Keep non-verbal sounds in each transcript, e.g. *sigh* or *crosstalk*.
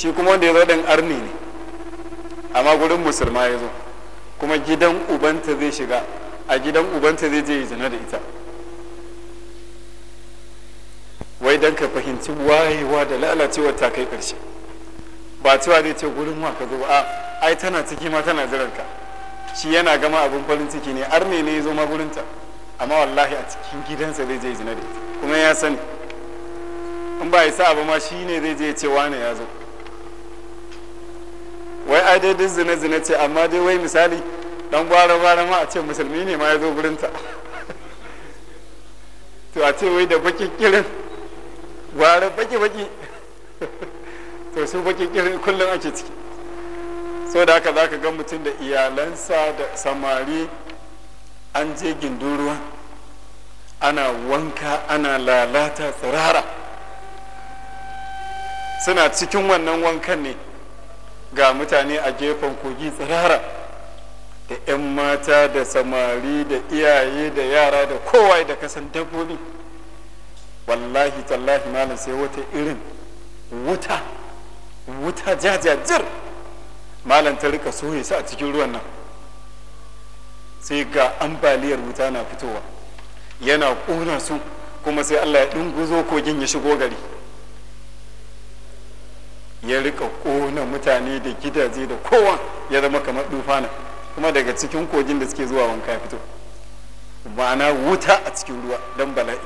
shi kuma wanda ya zo ɗan arni ne amma gurin musulma ya zo kuma gidan ubanta zai shiga a gidan ubanta zai je zina da ita wai don ka fahimci wayewa da lalacewa ta kai ƙarshe ba cewa zai ce gurin wa ka zo a ai tana ciki ma tana jiran ka shi yana gama abin farin ciki ne arne ne ya zo ma gurinta amma wallahi a cikin gidansa zai je zina da ita kuma ya sani in ba ya sa abu ma shi ne zai je cewa ne ya zo wai ai dai duk zina-zina ce amma dai wai misali dan gwara-gwara ma a ce musulmi ne ma ya zo gurinta *laughs* to a ce wai da baki kirin gwara baki-baki *laughs* to su baki kirin kullum ake ciki so da haka za ka ga mutum da iyalansa da samari an je gindin ana wanka ana lalata tsirara suna cikin wannan wankan ne ga mutane a gefen kogi tsirara da 'yan mata da samari da iyaye da yara da kowa da kasan dabbobi wallahi tallahi malam sai wata irin wuta wuta jajajir malam ta rika soye su a cikin ruwan nan sai ga ambaliyar wuta na fitowa yana kona su kuma sai allah ya guzo kogin ya shigo gari ya rika kona mutane da gidaje da kowa ya zama kamar dufana kuma daga cikin kogin da suke zuwa wanka fito ma'ana wuta a cikin ruwa don bala'i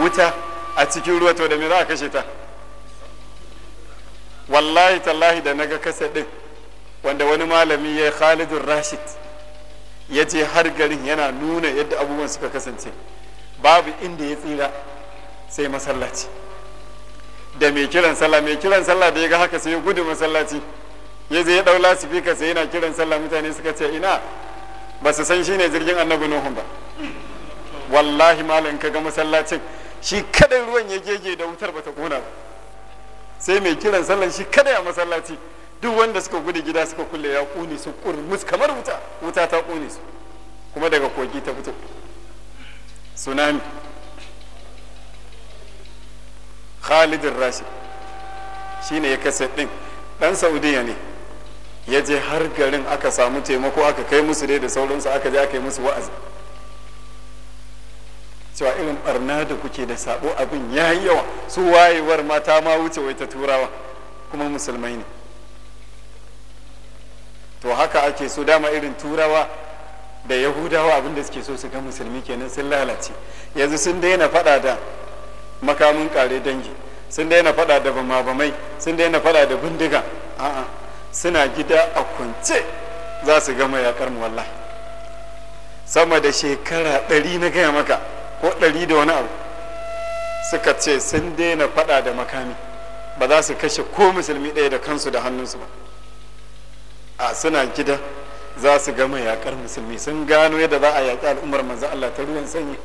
wuta a cikin ruwa to da me za a kashe ta wallahi tallahi da naga kasa din wanda wani malami ya khalidun rashid ya je har garin yana nuna yadda abubuwan suka kasance babu inda ya tsira sai masallaci da mai kiran sallah mai kiran sallah da ya ga haka sai ya gudu masallaci ya zai ya dau lasifika sai yana kiran sallah mutane suka ce ina ba su san shine jirgin annabi nuhun ba wallahi malam ka ga masallacin shi kadai ruwan ya gege da wutar bata kona ba sai mai kiran sallah shi kadai a masallaci duk wanda suka gudu gida suka kulle ya kuni su kurmus kamar wuta wuta ta kuni su kuma daga kogi ta fito tsunami khalidin rashid shine ya kasa din dan saudiya ne ya je har garin aka samu taimako aka kai musu dai da sauransu aka je aka yi musu wa'azi cewa irin barna da kuke da sabo abin ya yi yawa su wayewar mata ma wuce wai ta turawa kuma musulmai ne to haka ake so dama irin turawa da yahudawa abin da suke so su ga musulmi kenan sun lalace yanzu sun daina faɗa da makamin kare dangi sun daina fada da bamabamai sun daina fada da bindiga a'a suna gida a kwance za su gama yakar mu wallahi sama da shekara ɗari na gaya maka ko ɗari da wani abu suka ce sun daina fada da makami ba za su kashe ko musulmi ɗaya da kansu da hannunsu ba a suna gida za su gama yakar musulmi sun gano yadda za a yaƙi al'ummar manzo Allah ta ruwan sanyi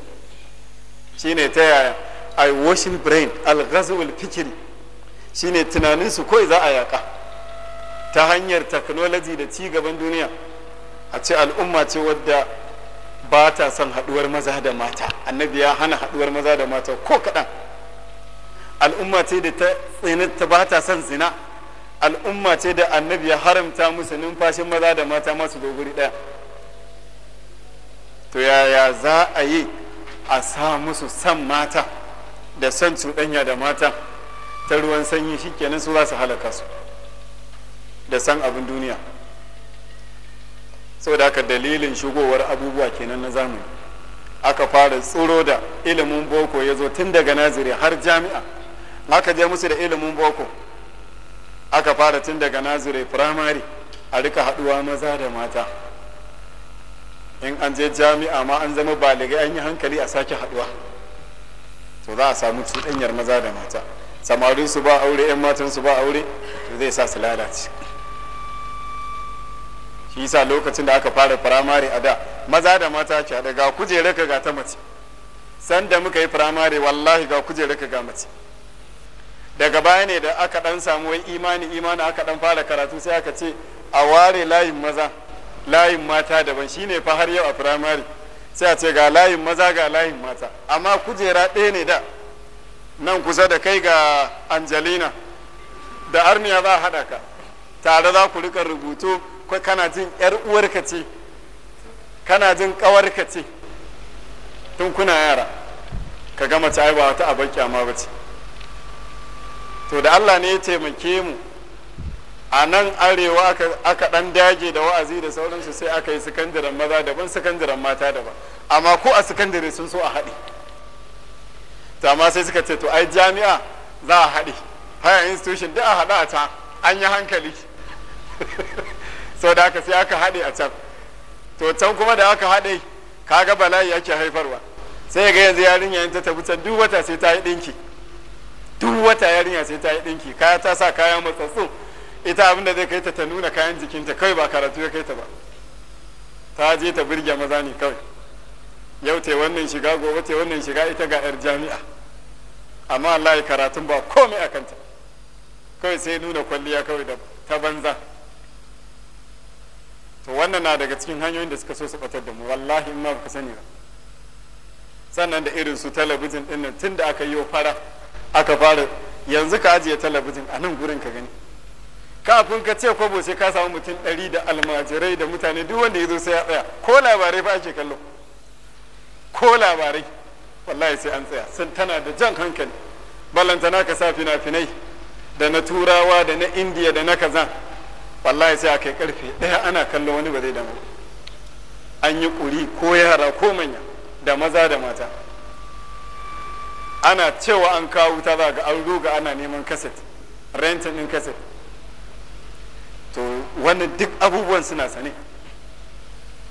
shine ta yaya i washing brain alghazul fikiri shine su kawai za a yaƙa ta hanyar technology da ci gaban duniya a ce al'umma ce wadda ba ta son haɗuwar maza da mata annabi ya hana haɗuwar maza da mata ko kaɗan al'umma ce da ta tsinita ba ta son zina al'umma ce da annabi ya haramta musu numfashin maza da mata masu doguri ɗaya to yaya za a yi a sa musu san mata da son cuɗanya da mata ta ruwan sanyi shikenan su za su halaka su da san abin duniya da haka dalilin shigowar abubuwa kenan na zamani aka fara tsoro da ilimin boko ya zo tun daga naziri har jami'a aka je musu da ilimin boko aka fara tun daga naziri firamare a rika haduwa maza da mata in an je jami'a ma an zama baligai an yi hankali a sake haɗuwa to za a samu cuɗanyar maza da mata samarin su ba aure 'yan matan su ba aure to zai sa su lalace shi sa lokacin da aka fara firamare a da maza da mata ke da ga kujere ka ga ta mace sanda muka yi firamare wallahi ga kujere ka ga mace daga baya ne da aka dan samu wai imani imani aka dan fara karatu sai aka ce a ware layin maza layin mata daban shine fa har yau a firamare sai a ce ga layin maza ga layin mata amma kujera ɗaya ne da nan kusa da kai ga angelina da arniya za a haɗa ka tare za ku rika rubutu kai kana jin yar ka ce kana jin ƙawarka ce tun kuna yara ka gama ta ba wata abokiya ma ba ce to da allah ne ya taimake mu a nan arewa aka dan dage da wa'azi da sauransu sai aka yi sakandaren maza daban sakandaren mata daban amma ko a sakandare sun so a haɗe ta amma sai suka ce to ai jami'a za a haɗe haya institution duk a haɗa a can an yi hankali sau *laughs* da aka sai aka haɗe a can to can kuma da aka haɗe kaga bala'i ake haifarwa sai ga yanzu yarinya ta tafi can duk wata sai ta yi ɗinki duk wata yarinya sai ta yi ɗinki kaya ta sa kayan matsatsu ita abin da zai kai ta ta nuna kayan jikinta kawai ba karatu ya kai ta ba ta je ta birge maza ne kawai yau te wannan shiga gobe te wannan shiga ita ga yar jami'a amma Allah karatun ba komai a kanta kawai sai nuna kwalliya kawai da ta banza to wannan na daga cikin hanyoyin da suka so su batar da mu wallahi in ma baka sani ba sannan da irin su talabijin din nan tunda aka yi fara aka fara yanzu ka ajiye talabijin a nan gurin ka gani kafin ka ce kwabo sai ka samu mutum ɗari da almajirai da mutane duk wanda ya zo sai ya tsaya ko labarai ba ake kallo ko labarai wallahi sai an tsaya sun tana da jan hankali balantana ka sa fina-finai da na turawa da na indiya da na kaza wallahi sai a kai karfe ɗaya ana kallo wani ba zai damu an yi ƙuri ko yara ko manya da maza da mata ana cewa an kawo ta za ga an ruga ana neman kaset rentin din kaset wannan duk abubuwan suna sane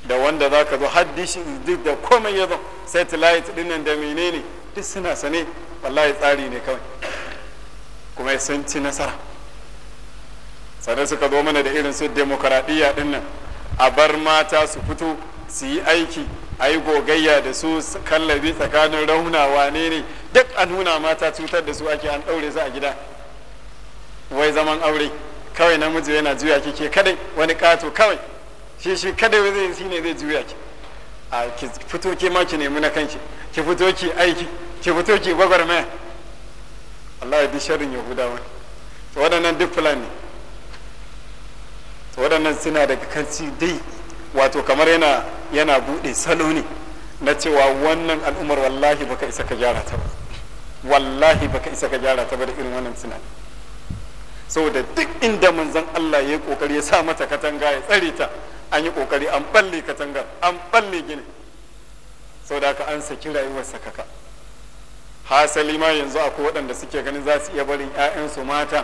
da wanda za ka zo haddishi duk da komai ya zo satellite dinnan da menene duk suna sane wallahi tsari ne kawai kuma sun ci nasara sannan suka zo mana da irin su demokaradiyya dinnan a bar mata su fito su yi aiki a yi gogayya da su kallabi tsakanin rauna wane ne duk an nuna mata cutar da su ake an ɗaure su a gida wai zaman aure kawai namiji yana juya ki ke kadai wani kato kawai shi shi kadai zai shi ne zai juya ki a ki fito ki ma ki nemi na kanki ki fito ki aiki ki fito ki gwagwarmaya Allah ya bi sharrin Yahudawa to waɗannan duk fulani to waɗannan suna daga kanci dai wato kamar yana yana buɗe salo ne na cewa wannan al'umar wallahi baka isa ka gyara ta ba wallahi baka isa ka gyara ta ba da irin wannan tunanin da duk inda manzon Allah ya yi kokari ya sa mata katanga ya tsare ta an yi kokari an balle katangar an balle gini saboda aka an saki rayuwar sakaka hasali ma yanzu akwai waɗanda suke ganin za su iya barin 'ya'yansu mata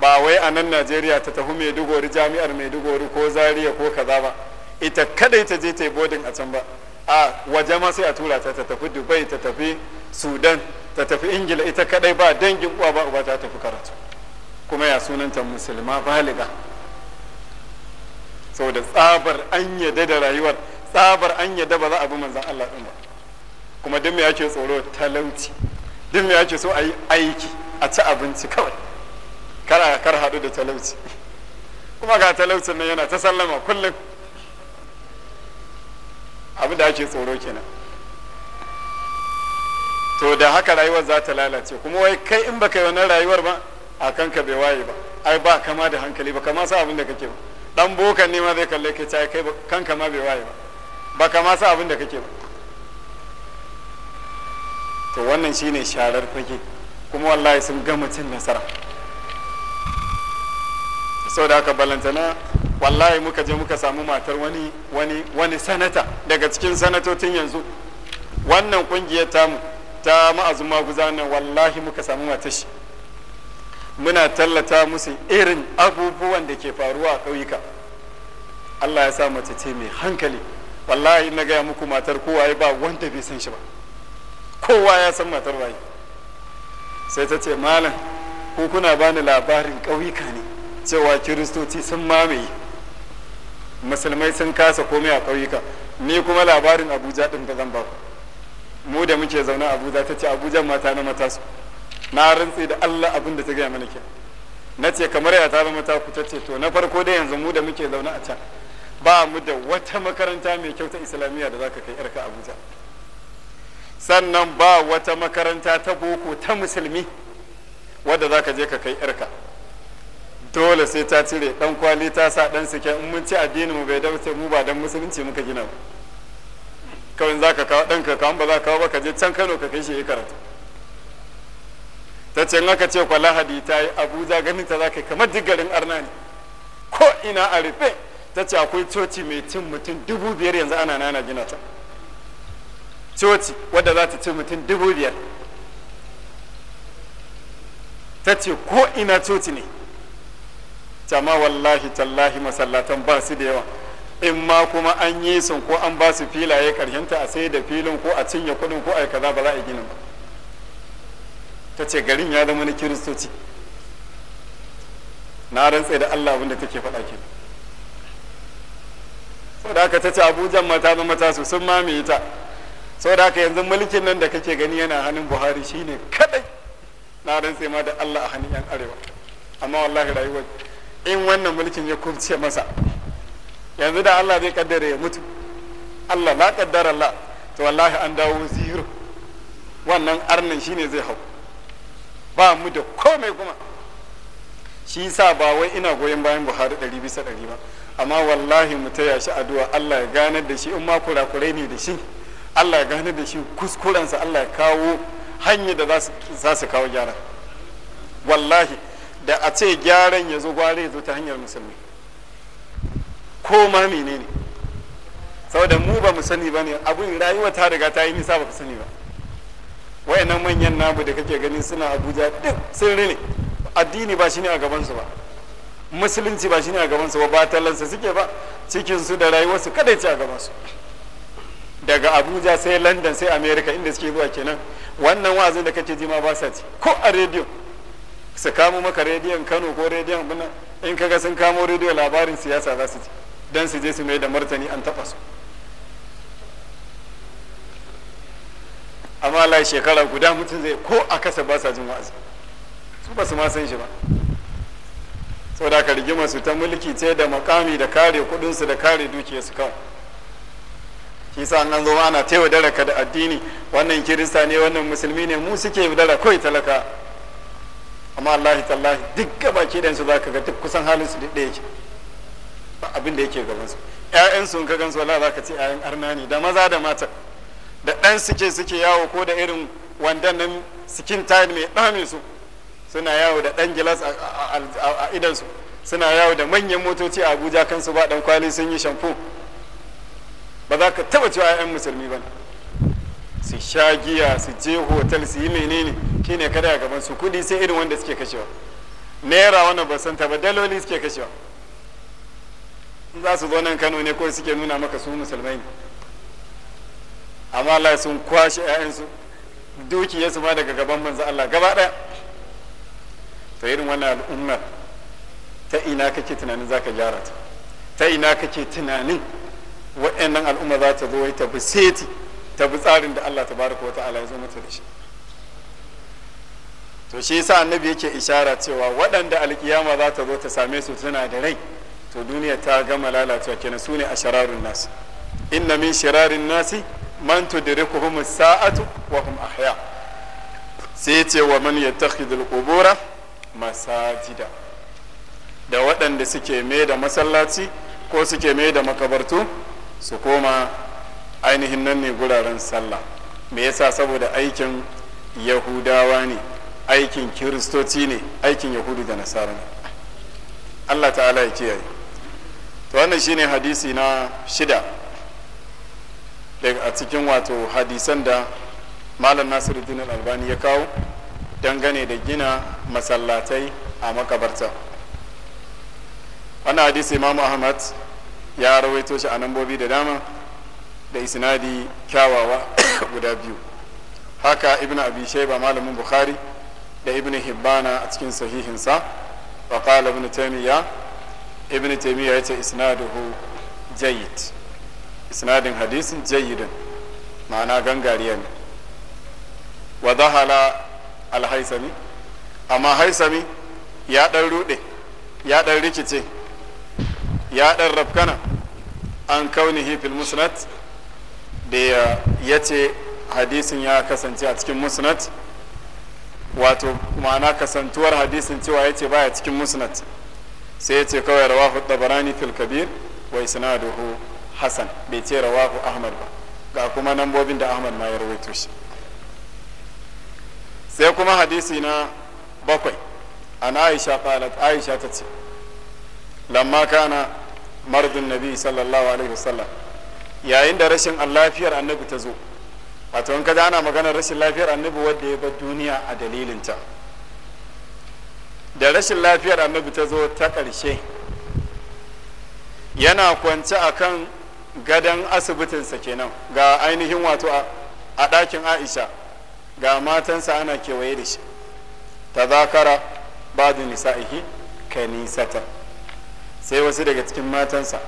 ba wai a nan najeriya ta tafi maiduguri jami'ar maiduguri ko zaria ko kaza ba ita kada ta je ta yi bodin a can ba a waje ma sai a tura ta ta tafi dubai ta tafi sudan ta tafi ingila ita kadai ba dangin uwa ba uba ta tafi karatu kuma ya sunanta musulma baliga saboda tsabar an yadda da rayuwar tsabar an yadda ba za a bi manzan Allah ɗin ba kuma duk me yake tsoro talauci duk me yake so a yi aiki a ci abinci kawai kar kar haɗu da talauci kuma ga talaucin nan yana ta sallama kullum abin da ake tsoro kenan to da haka rayuwar za ta lalace kuma wai kai in baka yi wannan rayuwar ba a kanka bai waye ba ai ba kama da hankali ba kama sa abin da kake ba dan bokan ne ma zai kalle ka ta kai kanka ma bai waye ba ba kama sa abin da kake ba to wannan shine sharar fage kuma wallahi sun gama cin nasara saboda haka balantana wallahi muka je muka samu matar wani wani wani sanata daga cikin sanatotin yanzu wannan kungiyar tamu ta ma'azuma guza wallahi muka samu matar shi muna tallata musu irin abubuwan da ke faruwa a ƙauyuka Allah ya sa mace ce mai hankali wallahi na gaya muku matar kowa ya ba wanda bai san shi ba kowa ya san matar waye sai ta ce malam ko kuna bani labarin ƙauyuka ne cewa kiristoci sun mamaye musulmai sun kasa komai a ƙauyuka ni kuma labarin abuja ɗin da zan ba mu da muke zaune abuja ta ce abuja mata na matasu na rantse da Allah abin da ta gaya mana ke na ce kamar ya ta zama ta ku ce to na farko dai yanzu mu da muke zaune a can ba mu da wata makaranta mai kyau ta islamiyya da zaka kai yarka Abuja sannan ba wata makaranta ta boko ta musulmi wadda zaka je ka kai yarka dole sai ta cire dan kwali ta sa dan sike in mun ci addinin mu bai dace mu ba dan musulunci muka gina ba kawai zaka kawo dan ka kawo ba za ka kawo ba ka je can Kano ka kai shi karatu ta ce in aka ce kwa lahadi ta yi abuja ganin ta za ka kamar duk garin arna ne ko ina a rufe ta ce akwai coci mai cin mutum dubu biyar yanzu ana nana gina ta coci wadda za ta ci mutum dubu biyar ta ce ko ina coci ne cama wallahi tallahi masallatan ba su da yawa in ma kuma an yi sun ko an ba su filaye karshenta a sai da filin ko a cinye kuɗin ko a kaza ba za a ginin ba ta ce garin ya zama na kiristoci na rantse da Allah abinda take faɗa ke da haka ta ce abujan mata zama tasu sun mamaye ta da aka yanzu mulkin nan da kake gani yana hannun buhari shine kadai na rantse ma da Allah a hannun yan arewa amma wallahi rayuwar in wannan mulkin ya kubce masa yanzu da Allah zai kaddara ya mutu Allah la kaddara Allah to wallahi an dawo zero wannan arnin shine zai hau ba mu da komai kuma shi sa ba wai ina goyon bayan buhari ɗari bisa ɗari ba amma wallahi mu taya shi addu'a allah ya ganar da shi in ma kurakurai ne da shi allah ya ganar da shi kuskurensa allah ya kawo hanya da za su kawo gyara wallahi da a ce gyaran ya zo gware ya zo ta hanyar musulmi ko ma menene saboda mu ba mu sani ba ne abin rayuwa ta riga ta yi nisa ba ku sani ba wayannan manyan namu da kake gani suna abuja duk sun rine addini ba shine a gabansu ba musulunci ba shine a gabansu ba batalansa suke ba cikinsu da rayuwarsu kada ci a gabansu daga abuja sai london sai america inda suke zuwa kenan wannan wa'azin da kake ji ma ba sa ci ko a rediyo su kamo maka rediyon kano ko rediyon bana in kaga sun kamo rediyo labarin siyasa za su ci don su je su mai da martani an taɓa su amma ya shekara guda mutum zai ko a kasa ba sa jin wa'azi su ba su ma san shi ba saboda da rigimar su ta mulki ce da makami da kare kudinsu da kare dukiya su kawo shi sa an zo ana ta yi ka da addini wannan kirista ne wannan musulmi ne mu suke dara kawai talaka amma allahi tallahi duk gaba ki dan za ka ga duk kusan halin su duk yake ba abin da yake gaban su ƴaƴan sun ka gan su za ka ce ƴaƴan arna ne da maza da mata da ɗan suke suke yawo ko da irin wandan nan sikin tile mai ɗamin su suna yawo da ɗan gilas a idansu suna yawo da manyan motoci a abuja kansu ba ɗan kwali sun yi shamfo ba za ka taɓa cewa 'yan musulmi ba su sha giya su je hotel su yi menene shine kada a gaban su kudi sai irin wanda suke kashewa naira wannan ba san ta ba daloli suke kashewa za su zo nan kano ne ko suke nuna maka su musulmai ne amma Allah sun kwashe ya'yansu dukiyarsu ma daga gaban manzo Allah gaba ɗaya to irin wannan al'ummar ta ina kake tunanin za ka gyara ta ta ina kake tunanin waɗannan al'umma za ta zo wai ta bi seti ta bi tsarin da Allah ta tabaraka wata'ala ya zo mata da shi to shi yasa annabi yake ishara cewa waɗanda alkiyama za ta zo ta same su tana da rai to duniya ta gama lalacewa kenan su ne a shararun nasu inna min shirarin nasi man tudrikuhum sa'atu wa hum ahya sai ce wa man yattakhidul qubura masajida da waɗanda suke mai da masallaci ko suke mai da makabartu su koma ainihin nan ne guraren sallah me yasa saboda aikin yahudawa ne aikin kiristoci ne aikin yahudu da nasara ne allah ta'ala ya kiyaye to wannan shine hadisi na shida a cikin wato hadisan da malam nasiru nasiruddin albani ya kawo dangane da gina masallatai a makabarta wannan hadisi imamu ahmad ya rawaito shi a nambobi da dama da isnadi kyawawa *coughs* guda biyu haka ibn abi shaiba malamin bukhari da ibn hibbana a cikin sahihinsa wa qala ibn taymiya ibn taymiya ce isnaduhu jayyid isnadin hadisin jayyidin ma'ana gangariya ne wa zahala alhaisami amma haisami ya ɗan rude ya ɗan rikice ya ɗan rafkana an kaunihi fil musnad da ya ce hadisin ya kasance a cikin musnad wato ma'ana kasantuwar hadisin cewa ya ce baya cikin musnad sai ya ce kawai rawahu tabarani fil kabir wa isnaduhu hasan bai ce rawahu ahmad ba ga kuma nambobin da ahmad ma ya rawaito shi sai kuma hadisi na bakwai an aisha qalat aisha ta ce lamma kana mardun nabi sallallahu alaihi wasallam yayin da rashin lafiyar annabi ta zo wato in ka ana maganar rashin lafiyar annabi wadda ya bar duniya a dalilinta da rashin lafiyar annabi ta zo ta ƙarshe yana kwance akan gadon asibitinsa kenan ga ainihin wato a ɗakin aisha ga matansa ana kewaye da shi ta zakara ba da nisa'ihi nisata sai wasu daga cikin matansa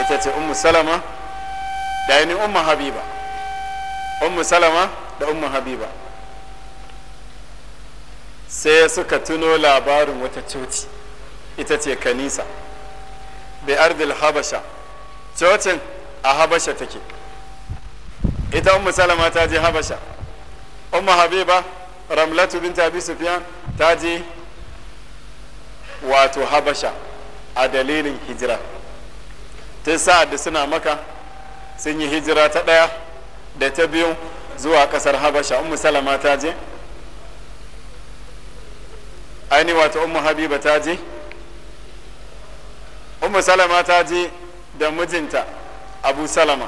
ita ce ummu salama da ainihin ummu habiba ummu salama da ummu habiba sai suka tuno labarin wata coci ita ce kanisa bi ardil habasha cocin a habasha take ita ummu salama ta je habasha ummu habiba ramlatu binta abi sufyan ta je wato habasha a dalilin hijira ta sa'ad da suna maka sun yi hijira ta ɗaya da ta biyu zuwa ƙasar habasha ummu salama ta je aini wato ummu habiba ta je ummu salama ta je da mijinta abu salama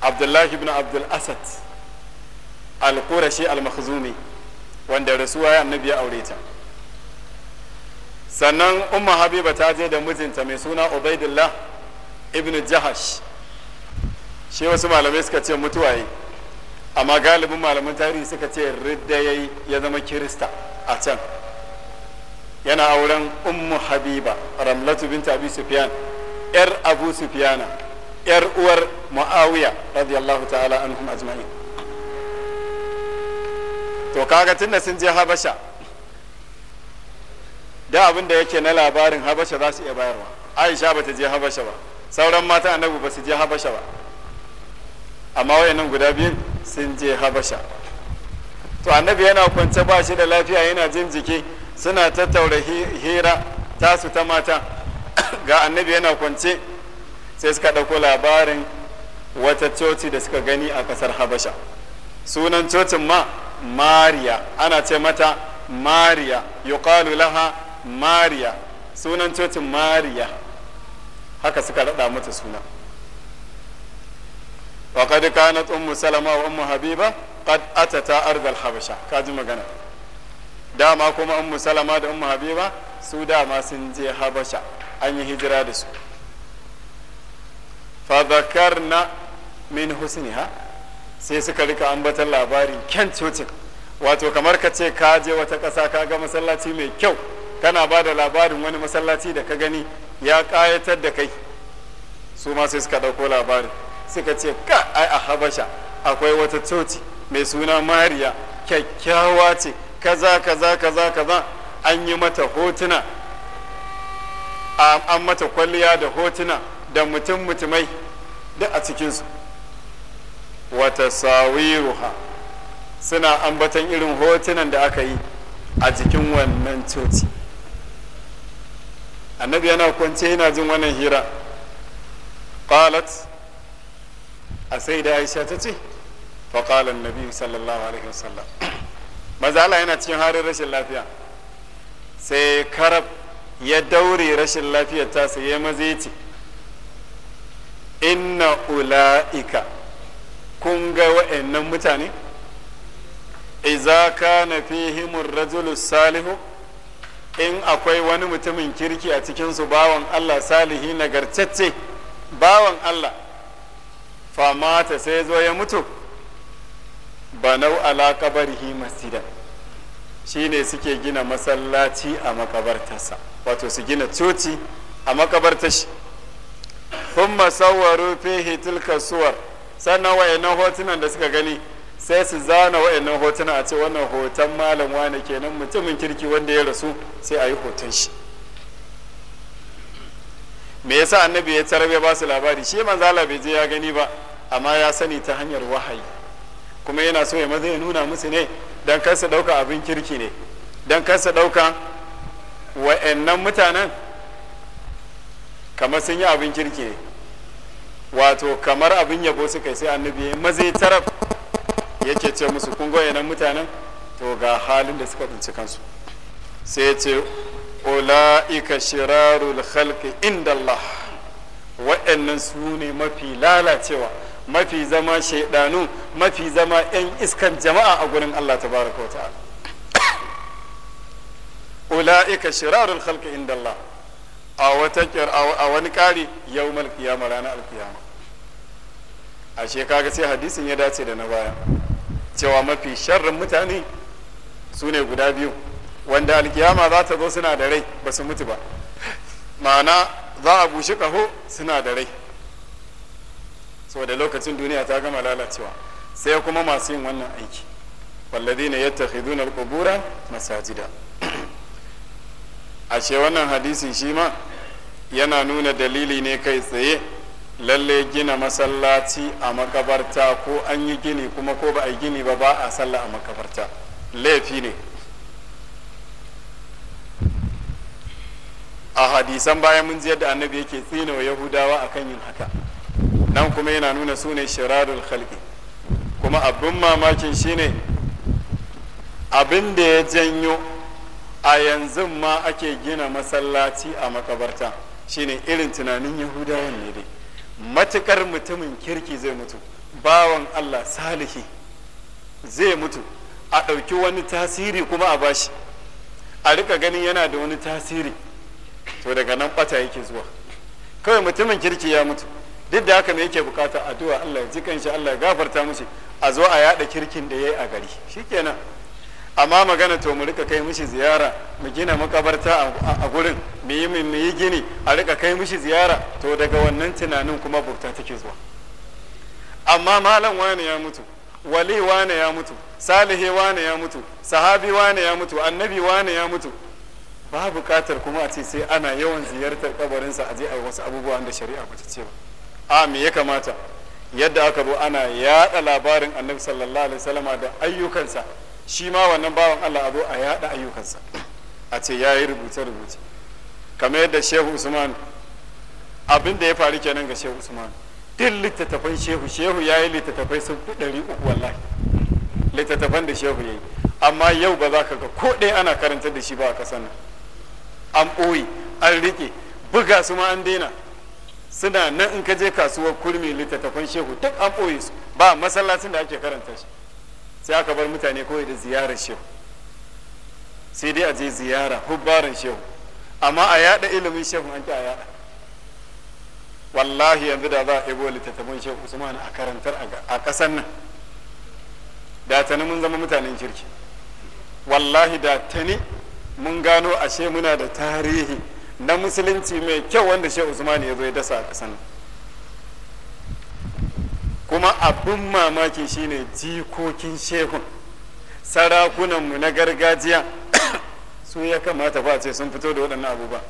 abdullahi ibn abdul asad al-qurashi al-makhzumi wanda rasuwa ya annabi ya aure ta sannan umma habiba ta je da mijinta mai suna ubaidullah ibn jahash shi wasu malamai suka ce mutuwaye amma galibin malaman tarihi suka ce ridda ya zama kirista a can yana auren ummu habiba ramlatu bin abi sufyan yar abu sufyana yar uwar muawiya radiyallahu ta'ala anhum ajma'in to kaga tunda sun je habasha da abin da yake na labarin habasha za su iya bayarwa aisha ba ta je habasha ba sauran mata annabi ba su je habasha ba amma wayannan guda biyun sun je habasha to annabi yana kwance ba shi da lafiya yana jin jiki suna tattaura hira tasu ta mata ga annabi yana kwance sai suka ɗauko labarin wata coci da suka gani a ƙasar habasha sunan cocin ma mariya ana ce mata mariya yuqalu laha mariya sunan cocin mariya haka suka raɗa mata suna wa kanat ummu salama wa ummu habiba qad atata ardal habasha kaji magana dama kuma ummu salama da ummu habiba su dama sun je habasha an yi hijira da su fadakar na min husniha sai suka rika ambatar labarin kyan cocin wato kamar ka ce ka je wata ƙasa ka ga masallaci mai kyau kana ba da labarin wani masallaci da ka gani ya kayatar da kai su ma sai suka ɗauko labarin suka ce ka ai a habasha akwai wata coci mai suna mariya kyakkyawa ce kaza kaza kaza kaza an yi mata hotuna an mata kwalliya da hotuna da mutum mutumai da a cikinsu wata sawiruha suna ambatan irin hotunan da aka yi a jikin wannan coci annabi yana kwance yana jin wannan hira qalat a sai da aisha ta ce faƙalar nabi sallallahu alaihi wasallam Maza mazala yana cikin harin rashin lafiya sai karab ya daure rashin lafiyar ta sai ya ya ce inna ula'ika kun ga wa'annan mutane iza kana fihimur rajulu salihu in akwai wani mutumin kirki a cikinsu bawan Allah salihi nagartacce bawan Allah famata sai zo ya mutu banau ala kabarihi shi shine suke gina masallaci a makabartarsa wato su gina coci a makabartar shi thumma sawwaru fihi tilka suwar sannan wayannan hotunan da suka gani sai su zana wayannan hotunan a ce wannan hoton malam wane kenan mutumin kirki wanda ya rasu sai a yi hoton shi me yasa annabi ya tarbe ba su labari shi manzala bai je ya gani ba amma ya sani ta hanyar wahayi kuma yana so ya maza ya nuna musu ne don kansa ɗauka abin kirki ne don kansa ɗauka wa'annan mutanen kamar sun yi abin kirki ne wato kamar abin yabo suka yi sai annabi ya maza ya taraf yake ce musu kun nan mutanen to ga halin da suka tsinci kansu sai ya ce ula'ika shirarul khalqi inda Allah wa'annan su ne mafi lalacewa mafi zama shaidanu mafi zama 'yan iskan jama'a a gurin Allah ta baraka wata ula'ika shirarun halka inda Allah a wata a wani ƙari yau malkiyama ranar alkiyama ashe kaga sai hadisin ya dace da na baya cewa mafi sharrin mutane su ne guda biyu wanda alkiyama za ta zo suna da rai ba su mutu ba ma'ana za a bushe kaho suna da rai saboda lokacin duniya ta gama lalacewa sai kuma masu yin wannan aiki walladina al alqubura masajida *clears throat* ashe wannan hadisin shi ma yana nuna dalili ne kai tsaye lalle gina masallaci a makabarta ko an yi gini kuma ko ba a yi gini ba ba a sallah a makabarta laifi ne a hadisan bayan mun ji yadda annabi yake tsina yahudawa akan yin haka nan kuma yana nuna su ne shiradul khalqi kuma abin mamakin shine abin da ya janyo a yanzu ma ake gina masallaci a makabarta shine irin tunanin yahudawan ne dai matukar mutumin kirki zai mutu bawan allah salihi zai mutu a ɗauki wani tasiri kuma a bashi a rika ganin yana da wani tasiri to daga nan bata yake zuwa kawai mutumin kirki ya mutu duk da haka me yake bukata addu'a Allah ya ji kanshi Allah ya gafarta mishi a zo a yada kirkin da yayi a gari shikenan amma magana to mu rika kai mishi ziyara mu gina makabarta a gurin mu yi mu yi gini a rika kai mishi ziyara to daga wannan tunanin kuma bauta take zuwa amma malam wani ya mutu wali wani ya mutu salihi wani ya mutu sahabi wani ya mutu annabi wani ya mutu ba bukatar kuma a ce sai ana yawan ziyartar kabarinsa a je a wasu abubuwan da shari'a ba ta ce ba a me ya kamata yadda aka zo ana yada labarin annabi sallallahu alaihi wasallam da ayyukansa shi ma wannan bawan Allah a zo a yada ayyukansa a ce ya yi rubuce-rubuce kamar yadda shehu usman abin da ya faru kenan ga shehu usman duk littattafan shehu shehu ya yi littattafai sun fi ɗari uku wallahi littattafan da shehu ya yi amma yau ba za ka ga ko ɗaya ana karanta da shi ba a ƙasar nan an ɓoye an riƙe buga su ma an daina suna nan in ka je kasuwar kurmi littattafan shehu duk an ɓoye su ba masallacin da ake karanta shi sai aka bar mutane kawai da ziyarar shehu sai dai a je ziyara hubbaran shehu amma a yada ilimin shehu an ta a yada wallahi yanzu da za a ɗebo littattafan shehu usman a karantar a ƙasar nan da ta mun zama mutanen kirki wallahi da ta mun gano ashe muna da tarihi na musulunci mai kyau wanda shi usmani ya zo ya dasa a kasan kuma abin mamaki shine jikokin shehun mu na gargajiya *coughs* su ya kamata ba ce sun fito da waɗannan abubuwa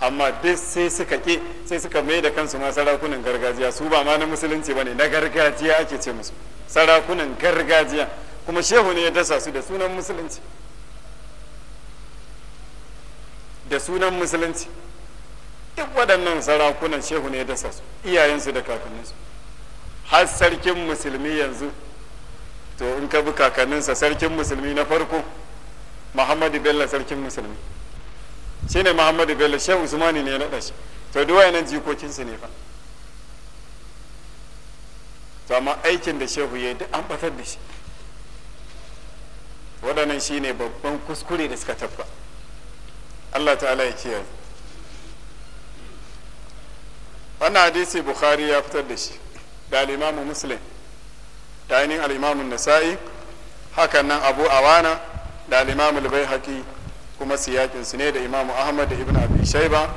amma duk sai suka ƙi sai suka mai da kansu ma sarakunan gargajiya su ba ma na musulunci ba ne na gargajiya ake ce musu sarakunan gargajiya kuma shehu ne ya dasa su da sunan musulunci da sunan musulunci duk waɗannan sarakunan shehu ne da su iyayensu da kakanninsu har sarkin musulmi yanzu to in ka bi kakanninsa sarkin musulmi na farko muhammadu bello sarkin musulmi shi ne muhammadu bello shehu usmani ne na ɗashi to duwaye nan jikokinsu ne fa to amma aikin da shehu ya yi an batar da shi waɗannan shi ne babban kuskure da suka tabba Allah ta'ala ya kiyaye wannan hadisi bukhari ya fitar da shi da al'imamu muslim da ainihin al'imamun nasa'i hakan nan abu awana da al'imamu al-baihaqi kuma siyakinsu ne da imamu ahmad da ibn abi shaiba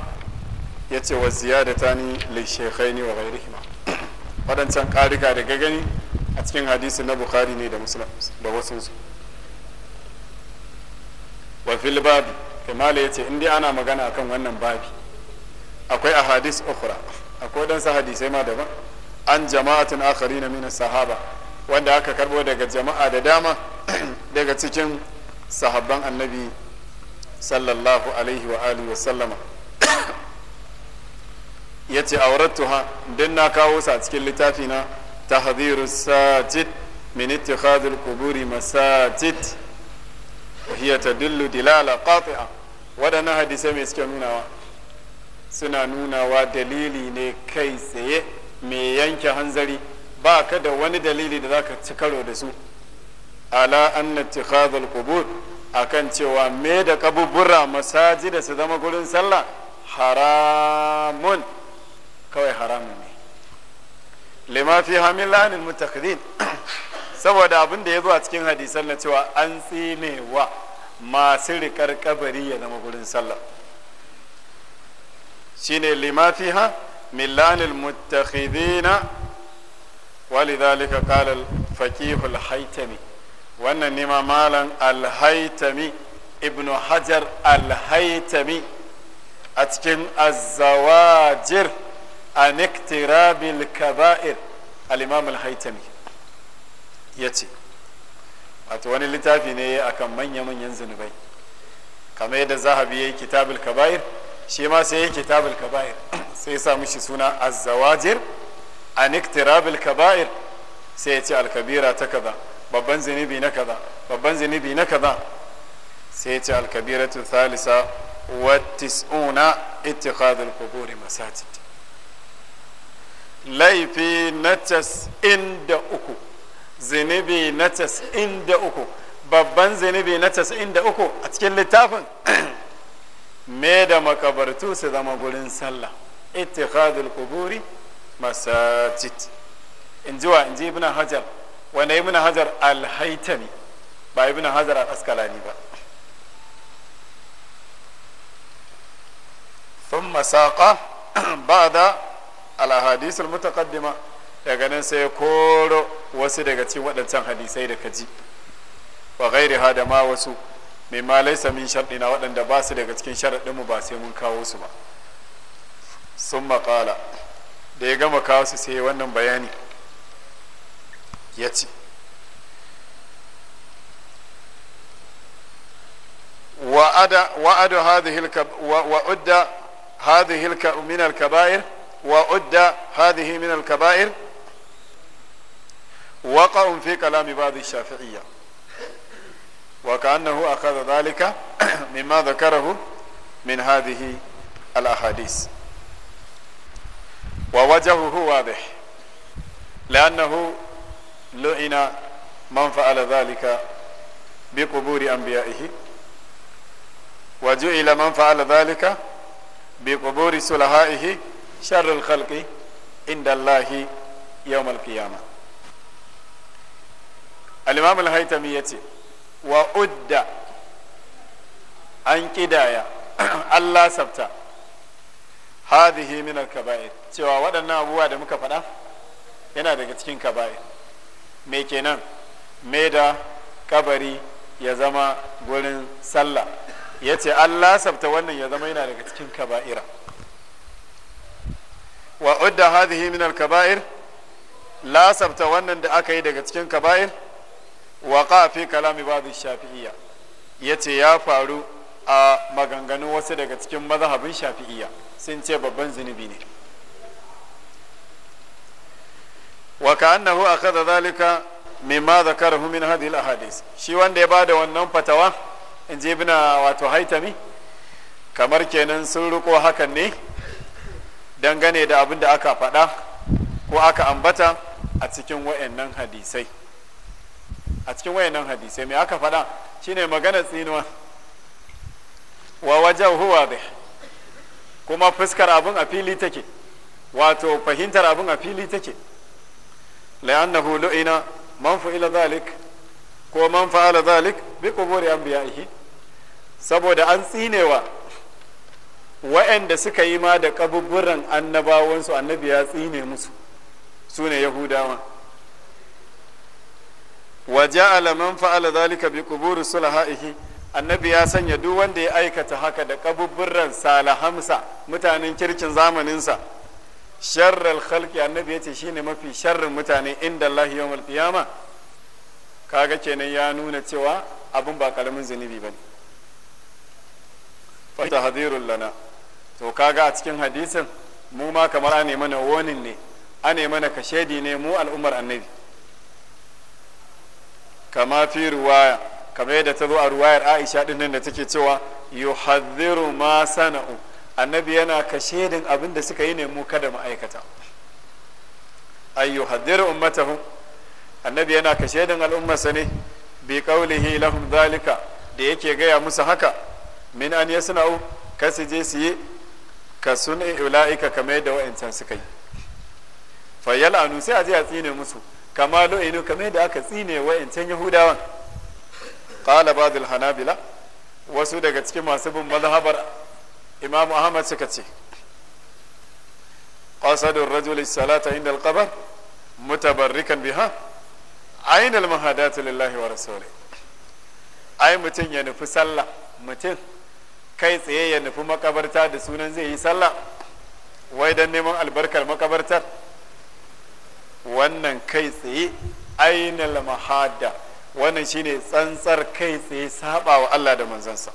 ya ce wa ziyadatani li shaykhaini wa ghairihima wadancan ƙarika da gagani a cikin hadisi na bukhari ne da muslim da wasunsu wa fil babi imala ya ce in dai ana magana akan wannan babi akwai ahadis ukhra akwai dan hadisai ma daban an jama'atun na min sahaba wanda aka karbo daga jama'a da dama *clears throat* daga cikin sahabban annabi sallallahu alaihi wa alihi wa sallama *clears throat* ya ce aurattuha don na kawo su a cikin littafi na tahdhiru sajid min ittikhadul quburi masajid wa hiya tadullu dilala qati'a waɗannan hadisai mai suke nunawa suna nunawa dalili ne kai tsaye mai yanke hanzari ba ka da wani dalili da za ka ci karo da su ala anna tikhadul qubur akan cewa me da masaji da su zama gurin sallah haramun kawai haramun ne lima fi hamil mutakhidin *coughs* saboda abin da ya zo a cikin hadisan na cewa an tsinewa masu riƙar kabari ya zama gurin sallah shine limafi ha min lanil muttakhidina walidhalika qala al-faqih al-haytami wannan ne ma malam al-haytami ibnu hajar al-haytami a cikin azawajir zawajir an iktirabil kaba'ir al-imam al-haytami yace wato wani littafi ne akan manya-manyan zunubai kamar yadda zahabi ya yi kitabul kaba'ir shi ma sai ya yi kitabul kaba'ir *clears throat* sai ya samu shi suna azzawajir an iktirabul kaba'ir sai ya ce alkabira ta kaza babban zunubi na kaza babban zunubi na kaza sai ya ce alkabiratu thalisa wa tis'una ittikhadul quburi masajid laifi na uku. Zinibi, na casa'in da uku babban zinibi, na casa'in da uku a cikin littafin *clears throat* me da makabartu su zama gurin sallah ittikhadul kuburi masajid in ji wa in ji ibn hajar wanda ibn hajar alhaitami ba ibn hajar al-askalani ba ثم ساق بعد الأحاديث المتقدمة daga nan sai koro wasu daga cikin waɗancan hadisai da kaji wa gairi da ma wasu mai ma laisa min sharɗina waɗanda ba su daga cikin mu ba sai mun kawo su ba sun maƙala da ya gama kawo su sai wannan bayani ya ce وعد هذه وعد هذه من الكبائر وعد هذه من الكبائر وقع في كلام بعض الشافعية وكأنه أخذ ذلك *clears throat* مما ذكره من هذه الأحاديث ووجهه واضح لأنه لعن من فعل ذلك بقبور أنبيائه وجعل من فعل ذلك بقبور سلهائه شر الخلق عند الله يوم القيامه al-imam al-haytami yace wa udda an kidaya *clears throat* Allah sabta hadhihi min al-kaba'ir cewa waɗannan abubuwa da muka faɗa yana daga cikin kaba'ir me kenan me da kabari ya zama gurin sallah yace Allah sabta wannan ya zama yana daga cikin kaba'ira wa udda hadhihi min al-kaba'ir la sabta wannan da aka yi daga cikin kaba'ir waqa fi kalami babu shafi'iyya yace ya faru a maganganun wasu daga cikin mazhabin shafi'iyya sun ce babban zunubi ne wa ka'annahu akhadha dhalika mimma dhakarahu min hadhihi al-ahadith shi wanda ya bada wannan fatawa in je bina wato haitami kamar kenan sun riko hakan ne dangane da abin da aka faɗa ko aka ambata a cikin wa'annan hadisai a cikin wayannan hadisai mai aka faɗa shine magana tsinuwa wa wajen huwa da kuma fuskar abin a fili take wato fahimtar abin a fili take la'annahu Ina man fa'ila zalik ko man fa'ala zalik bi biya ihi saboda an tsinewa wa'anda suka yi ma da kaburburan annabawansu annabi ya tsine musu su ne yahudawa wa ja'ala man fa'ala dhalika bi quburi sulahaihi annabi ya sanya duk wanda ya aikata haka da kabubburran salahamsa mutanen kirkin zamaninsa sharral khalqi annabi yace shine mafi sharrin mutane inda Allah yawmal qiyama kaga kenan ya nuna cewa abin ba karamin zunubi bane fa tahdirul lana to kaga a cikin hadisin mu ma kamar a ne mana wonin ne a ne mana kashedi ne mu al'ummar annabi kama fi ruwaya kama yadda ta zo a ruwayar aisha din nan da take cewa yuhadhiru ma sana'u annabi yana kashe din abin da suka yi ne mu kada mu aikata ay yuhadhiru ummatahu annabi yana kashe din al'ummarsa ne bi qawlihi lahum zalika da yake gaya musu haka min an yasna'u kasu je su yi ka sun ula'ika kamar yadda wa'ancan suka yi anu sai a je a tsine musu kama lo'inu kamar da aka tsine wa'incan yahudawan qala ba'dul hanabila wasu daga cikin masu bin mazhabar imamu ahmad suka ce qasadun rajuli salata inda alqabar mutabarrikan biha ainal mahadatu lillahi wa rasuli ai mutum ya nufi sallah mutum kai tsaye ya nufi makabarta da sunan zai yi sallah wai dan neman albarkar makabartar wannan kai tsaye ainihin mahadda wannan shine tsantsar kai tsaye saba wa Allah da manzansa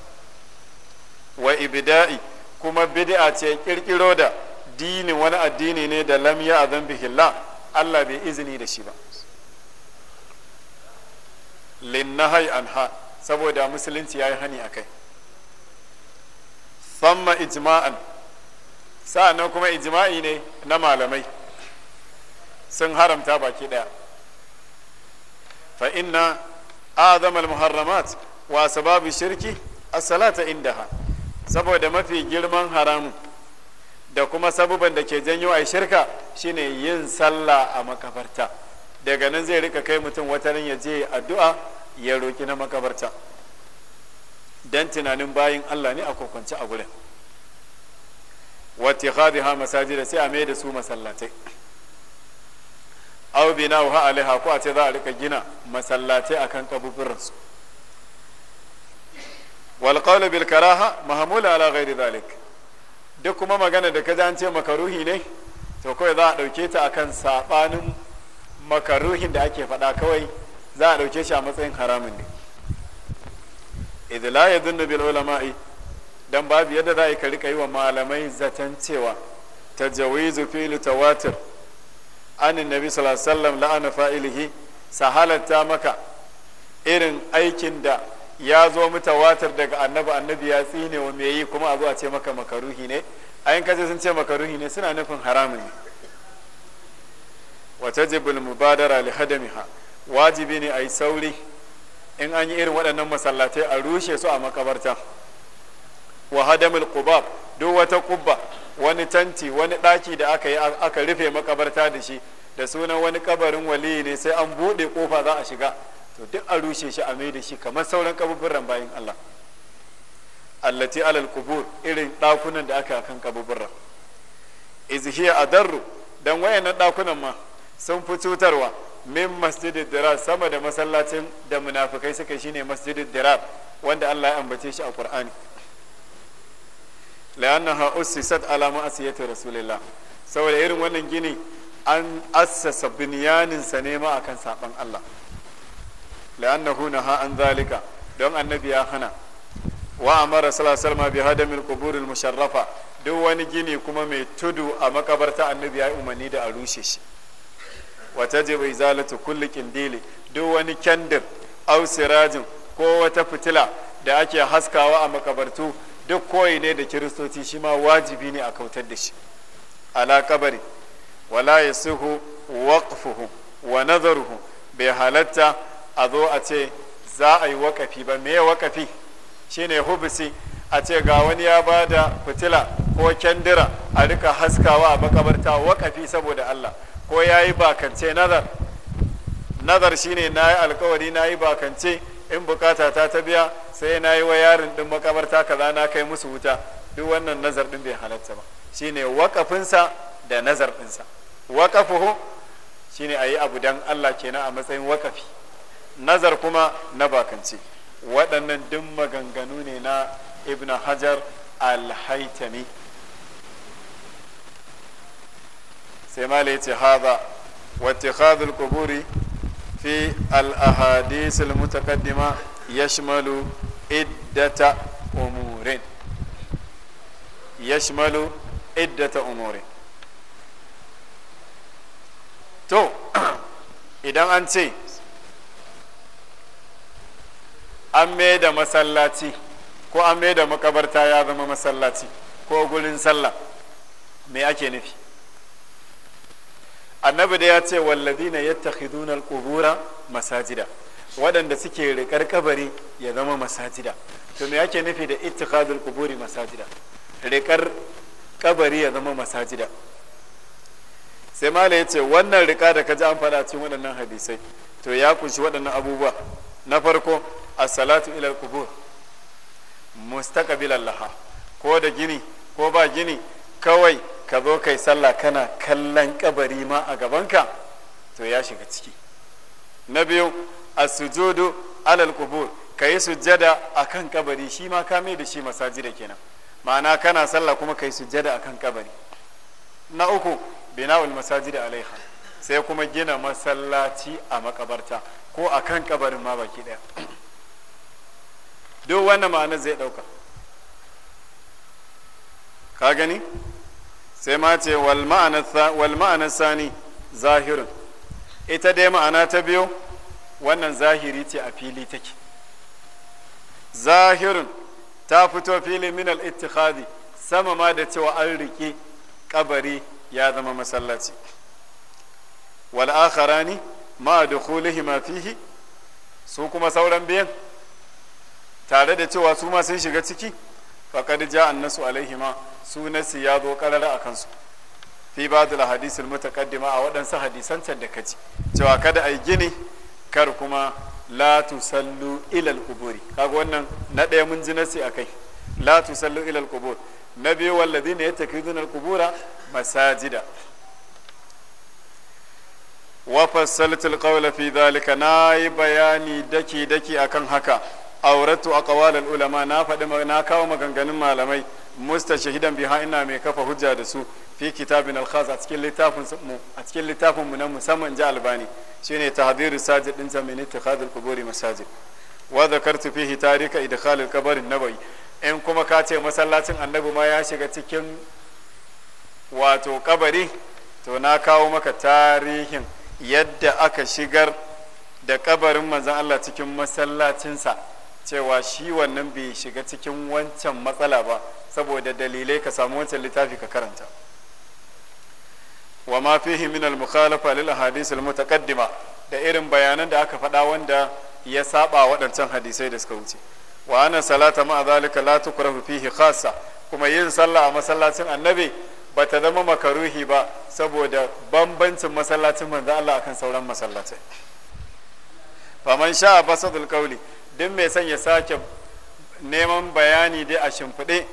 wa ibida'i kuma bid'a ce kirkiro da dini wani addini ne da lamya ya azan bihillah Allah bai izini da shi ba linnahai anha saboda musulunci ya yi hani akai samma ijma'an sa'annan kuma ijma'i ne na malamai sun haramta baki daya fa inna azama muharramat wa sababi shirki as-salata indaha saboda mafi girman haramu da kuma sabuban da ke janyo a shirka shine yin sallah a makabarta daga nan zai rika kai mutum watanin ya je addu'a ya roki na makabarta dan tunanin bayin Allah ne a kokwanci a gurin wata ha masajida sai a mai da su masallatai aw bina'uha alaiha ko a ce za a rika gina masallatai akan kaburburan su wal qawlu bil karaha mahmula ala ghairi zalik duk kuma magana da kaji an ce makaruhi ne to kawai za a dauke ta akan sabanin makaruhin da ake faɗa kawai za a dauke shi a matsayin haramun ne idh la yadunnu bil ulama'i dan babu yadda za a yi ka rika yi wa malamai zaton cewa tajawizu fil tawatir an nabi sallallahu alaihi wasallam la'ana fa'ilihi sahalata maka irin aikin da ya zo mutawatir daga annabi annabi ya tsine wa me yi kuma a zo a ce maka makaruhi ne ayin kaje sun ce makaruhi ne suna nufin haramun ne wa tajibul mubadara li hadamiha wajibi ne yi sauri in an yi irin waɗannan masallatai a rushe su a makabarta wa hadamul qubab duk wata kubba wani tanti wani daki da aka yi aka rufe makabarta da shi da sunan wani kabarin wali ne sai an bude kofa za a shiga to duk a rushe shi a mai da shi kamar sauran ran bayin Allah allati alal kubur irin dakunan da aka kan ran izhiya adarru dan wayannan dakunan ma sun fi cutarwa min masjidid dirar sama da masallacin da munafikai suka shine masjidid dirab wanda Allah ya ambace shi a Qur'ani la'annaha ussisat ala ma'asiyati rasulillah saboda irin wannan gini an assasa binyanin sa ne ma akan saban Allah la'annahu naha an zalika don annabi ya hana wa amara sallallahu alaihi bi hadamil qubur al musharrafa duk wani gini kuma mai tudu a makabarta annabi ya umarni da a rushe shi wa tajibu izalatu kulli qindili duk wani kyandir aw sirajin ko wata fitila da ake haskawa a makabartu duk koyi ne da kiristoci shi ma wajibi ne a kautar da shi ala kabari wala yasihu waqfuhu wa nazaruhu bai halatta a zo a ce za a yi wakafi ba me wakafi shine hubisi a ce ga wani ya ba da fitila ko kyandira a rika haskawa a makabarta wakafi saboda Allah ko ya yi bakance nazar nazar shine na yi alkawari na yi bakance in bukata ta ta biya sai na yi wa yarin din makabarta kaza na kai musu wuta duk wannan nazar din bai halatta ba shine wakafinsa da nazar dinsa wakafuhu shine a yi abu dan Allah kenan a matsayin wakafi nazar kuma na bakance waɗannan duk maganganu ne na ibn hajar al-haitami sai ma ce haza wa quburi في الأحاديث المتقدمة يشمل عدة أمور يشمل عدة أمور تو إذا أنت an da masallaci ko an da makabarta ya zama masallaci ko gurin sallah me ake nufi annabi da ya ce yadda yattakhiduna kubura masajida waɗanda suke riƙar kabari ya zama masajida to me yake nufi da ittikhadul quburi masajida riƙar kabari ya zama masajida sai mala ya ce wannan riƙa da ka ji an faɗa cikin waɗannan hadisai to ya kunshi waɗannan abubuwa na farko a salatu ila al-qubur mustaqbilan laha ko da gini ko ba gini kawai ka zo kai sallah kana kallon kabari ma a gabanka to ya shiga ciki na biyu asujudu sujudu alal qubur kai sujjada akan kabari shi ma ka da shi masajida kenan ma'ana kana sallah kuma kai sujjada akan kabari na uku bina'ul masajida alaiha sai kuma gina masallaci a makabarta ko akan kabarin ma baki daya duk wannan ma'ana zai dauka ka gani sai ma ce wal ma'anar sani zahirin ita dai ma'ana ta biyu wannan zahiri ce a fili take zahirin ta fito fili minal ittikhadi sama ma da cewa an riƙe kabari ya zama masallaci wal akharani ma fihi su kuma sauran biyan tare da cewa su ma sun shiga ciki faqad annasu nasu alaihima su nasi ya zo ƙarar a kansu fi ba'dil hadisul mutaqaddima a waɗansu hadisan can da kaji cewa kada ai gini kar kuma la tusallu ila al-quburi kaga wannan na ɗaya mun ji nasi akai la tusallu ila al-qubur na biyu walladhina yatakiduna al-qubura masajida wa fassaltu al-qawla fi dhalika nayi bayani daki daki akan haka auratu aqwal al ulama na faɗi na kawo maganganun malamai shahidan biha ina mai kafa hujja da su fi kitabin al khas a cikin littafin mu a cikin littafin mu na musamman ji albani shine tahdhiru sajid din min ittikhad al quburi masajid wa dhakartu fihi tarika idkhal al qabr an nabawi in kuma ka ce masallacin annabi ma ya shiga cikin wato kabari to na kawo maka tarihin yadda aka shigar da kabarin manzon Allah cikin masallacinsa cewa shi wannan bai shiga cikin wancan matsala ba saboda dalilai ka samu wancan littafi ka karanta wa ma fihi min al mukhalafa lil ahadith al mutaqaddima da irin bayanan da aka faɗa wanda ya saba waɗancan hadisai da suka wuce wa ana salata ma zalika la tukrahu fihi khassa kuma yin sallah a masallacin annabi ba ta zama makaruhi ba saboda bambancin masallacin manzo Allah akan sauran masallatai faman sha basadul qawli duk mai son ya sake neman bayani dai a shimfiɗe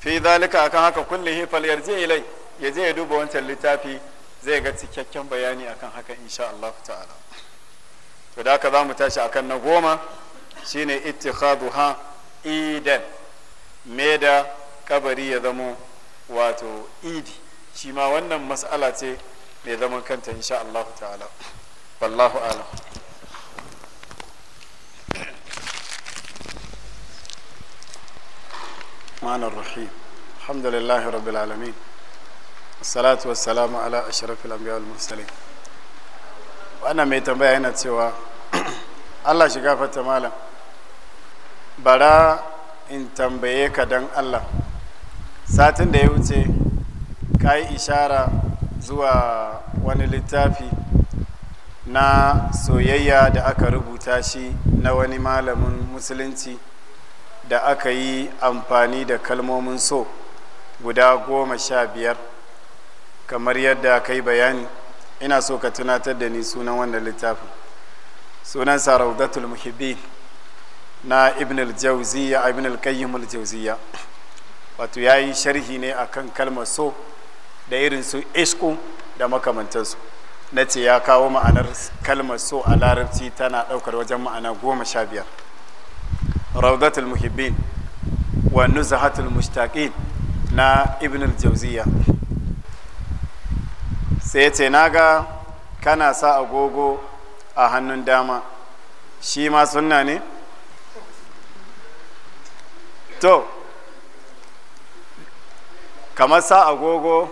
fi zalika akan haka kullihi fal yarji ilai ya je ya duba wancan littafi zai ga cikakken bayani akan haka insha Allah ta'ala to da haka za mu tashi akan na goma shine ittikhaduha idan meda kabari ya zamo wato idi shi ma wannan mas'ala ce mai zaman kanta insha Allah ta'ala wallahu alam الرحمن الرحيم الحمد لله رب العالمين الصلاة والسلام على أشرف الأنبياء والمرسلين وأنا ميتم بيانا سوى الله شكافة مالا bara in tambaye دن الله ساتن ديوتي كاي إشارة wuce ka yi na soyayya da aka rubuta shi na wani malamin musulunci da aka yi amfani da kalmomin so guda goma sha biyar kamar yadda aka yi bayani ina so ka tunatar da ni sunan wannan littafin sunan saraudatul muhibbi na ibn al-jauziya ibn al-qayyim wato ya yi sharhi ne akan kalmar so da irin su isku da makamantansu na ce ya kawo ma'anar kalmar so a larabci tana ɗaukar wajen ma'ana goma sha biyar rawdatul muhibbin wa nuzahatul mushtaqin na ibn al-jawziya sai ce naga kana sa agogo a hannun dama shi ma sunna ne to kamar sa agogo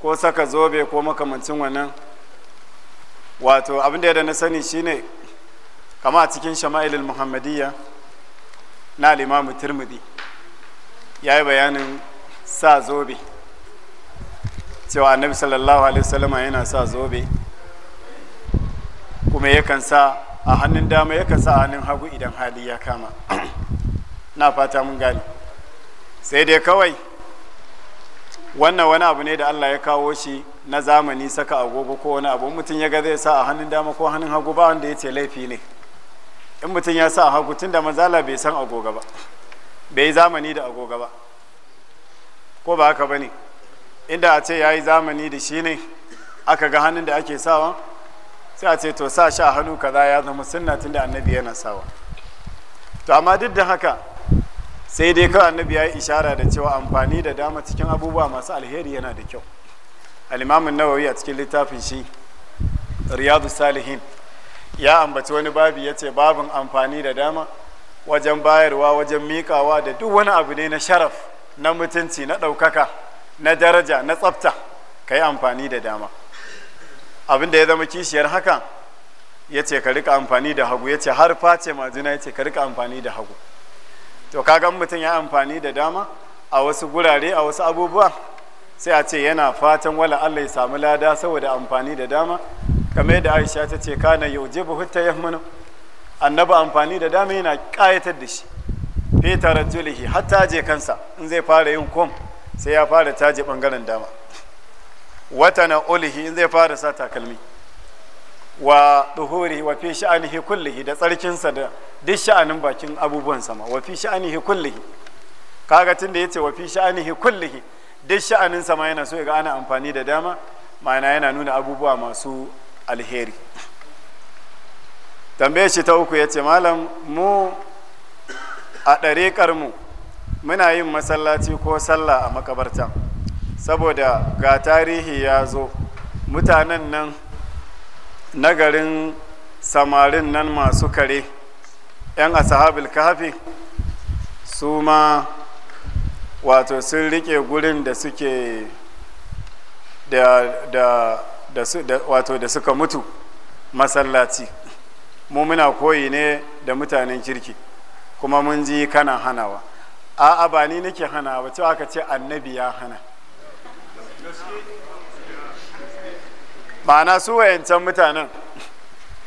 ko saka zobe ko makamancin wannan wato abin da na sani shine kama a cikin shama'ilul muhammadiyya na limamu turmudi ya yi bayanin sa zobe cewa annabi sallallahu alaihi wasallama yana sa zobe kuma yakan sa a hannun dama yakan sa a hannun hagu idan hali ya kama *clears throat* na fata mun gane sai dai kawai wannan wani abu ne da allah ya kawo shi na zamani saka agogo ko wani abu mutum ya ga zai sa a hannun dama ko hannun hagu ba wanda ya ce laifi ne in mutum ya sa hagu tun da manzala bai san agoga ba bai zamani da agoga ba ko ba haka ba ne inda a ce ya yi zamani da shi ne aka ga hannun da ake sawa sai a ce to sa sha hannu kaza ya zama sunna tun da annabi yana sawa to amma duk da haka sai dai kawai annabi ya yi ishara da cewa amfani da dama cikin abubuwa masu alheri yana da kyau al'imamin nawawi a cikin littafin shi riyadu salihin ya ambaci wani babi ya ce babin amfani da dama wajen bayarwa wajen miƙawa da duk wani abu ne na sharaf na mutunci na ɗaukaka na daraja na tsafta ka yi amfani da dama abin da ya zama kishiyar haka ya ce ka rika amfani da hagu ya ce har face majina ya ce ka rika amfani da hagu to kaga mutum ya amfani da dama a wasu gurare a wasu abubuwa sai a ce yana fatan wala Allah ya samu lada saboda amfani da dama kamar da aisha ta ce kana yujibu hutta yahmanu annabi amfani da dama yana kayatar da shi fi tarajjulihi hatta je kansa in zai fara yin kom sai ya fara taje bangaren dama wata na ulihi in zai fara sa takalmi wa duhuri wa fi sha'anihi kullihi da tsarkinsa da duk sha'anin bakin abubuwan sama wa fi sha'anihi kullihi kaga tunda yace wa fi sha'anihi kullihi duk sha'anin sama yana so ga ana amfani da dama ma'ana yana nuna abubuwa masu alheri tambaye shi ta uku ya ce malam mu a ɗarekar mu muna yin masallaci ko sallah a makabarta saboda ga tarihi ya zo mutanen nan na garin samarin nan masu kare 'yan asahabil kafi su ma wato sun rike gurin da suke da da su wato da suka mutu masallaci mu muna koyi ne da mutanen kirki kuma mun ji kana hanawa 'a ba ni nake hana ba cewa aka ce annabi ya hana ma'ana su wayancan mutanen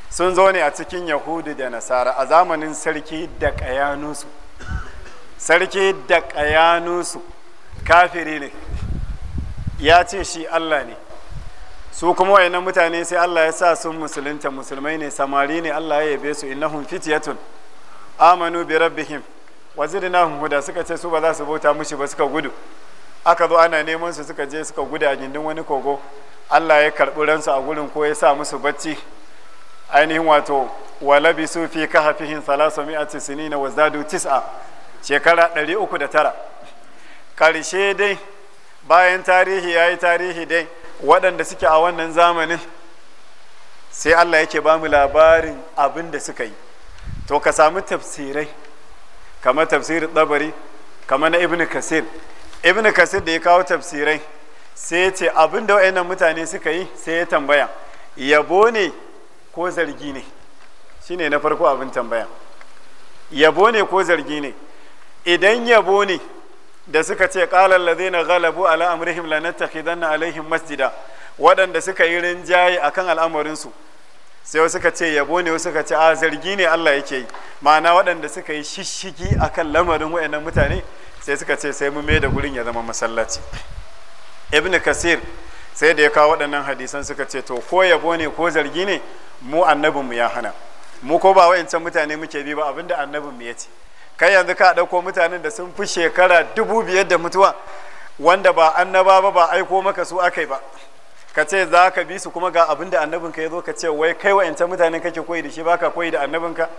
sun zo ne a cikin yahudu da nasara a zamanin sarki da ƙayanusu sarki da ƙayanusu kafiri ne ya ce shi allah ne su kuma wayannan mutane sai Allah ya sa sun musulunta musulmai ne samari ne Allah ya yabe su innahum fityatun amanu bi rabbihim wazidnahum huda suka ce su ba za su bauta mushi ba suka gudu aka zo ana neman su suka je suka gudu a gindin wani kogo Allah ya karbi ransu a gurin ko ya sa musu bacci ainihin wato walabi su fi kahafihin 300 mi'ati sinina wa zadu tis'a shekara 309 karshe dai bayan tarihi yayi tarihi dai waɗanda suke a wannan zamanin sai Allah yake ba mu labarin abin da suka yi to ka samu tafsirai kama tafsirin ɗabari kama na ibn kasir ibn kasir da ya kawo tafsirai sai ya ce abin da wa'annan mutane suka yi sai ya tambaya yabo ne ko zargi ne shine na farko abin tambaya yabo ne ko zargi ne idan yabo ne da suka ce qala galabu ghalabu ala amrihim lanattakhidanna alaihim masjida waɗanda suka yi rinjaye akan al'amarin su sai wasu suka ce yabo ne wasu suka ce a zargi ne Allah yake yi ma'ana waɗanda suka yi shishigi akan lamarin wayannan mutane sai suka ce sai mu mai da gurin ya zama masallaci ibn kasir sai da ya kawo waɗannan hadisan suka ce to ko yabo ne ko zargi ne mu annabinmu ya hana mu ko ba wayancan mutane muke bi ba abinda annabinmu ya ce kai yanzu ka ɗauko mutanen da sun fi shekara dubu biyar da mutuwa wanda ba annaba ba ba aiko maka su akai ba ka ce za ka bi su kuma ga abin da annabinka ya zo ka ce wai kai wa'ancan mutanen kake koyi da shi ba ka koyi da annabinka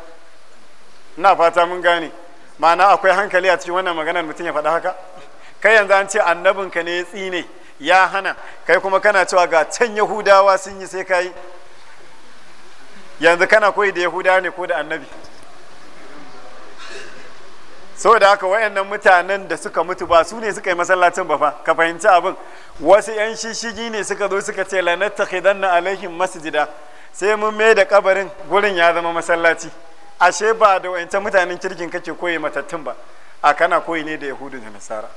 na fata mun gane ma'ana akwai hankali a cikin wannan maganar mutum ya faɗa haka kai yanzu an ce annabinka ne ya tsine ya hana kai kuma kana cewa ga can yahudawa sun yi sai ka yi yanzu kana koyi da yahudawa ne ko da annabi da haka wayannan mutanen da suka mutu ba su ne suka yi masallacin ba fa ka fahimci abin wasu yan shishigi ne suka zo suka ce lanattakhidanna alaihim masjida sai mun mai da kabarin gurin ya zama masallaci ashe ba da wayancan mutanen kirkin kake koyi matattun ba a kana koyi ne da yahudu da nasara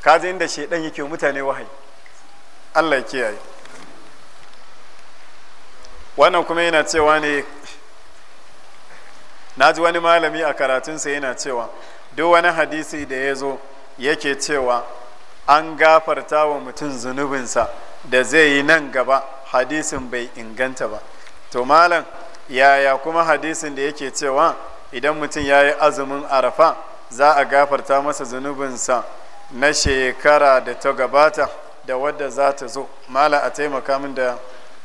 ka ji inda shaidan yake mutane wahayi Allah ya kiyaye wannan kuma yana cewa ne na ji wani malami a karatunsa yana cewa duk wani hadisi da ya zo yake cewa an gafarta wa mutum zunubinsa da zai yi nan gaba hadisin bai inganta ba to malam yaya kuma hadisin da yake cewa idan mutum ya yi azumin arafa za a gafarta masa zunubinsa na shekara da ta gabata da wadda za ta zo mala a taimaka min da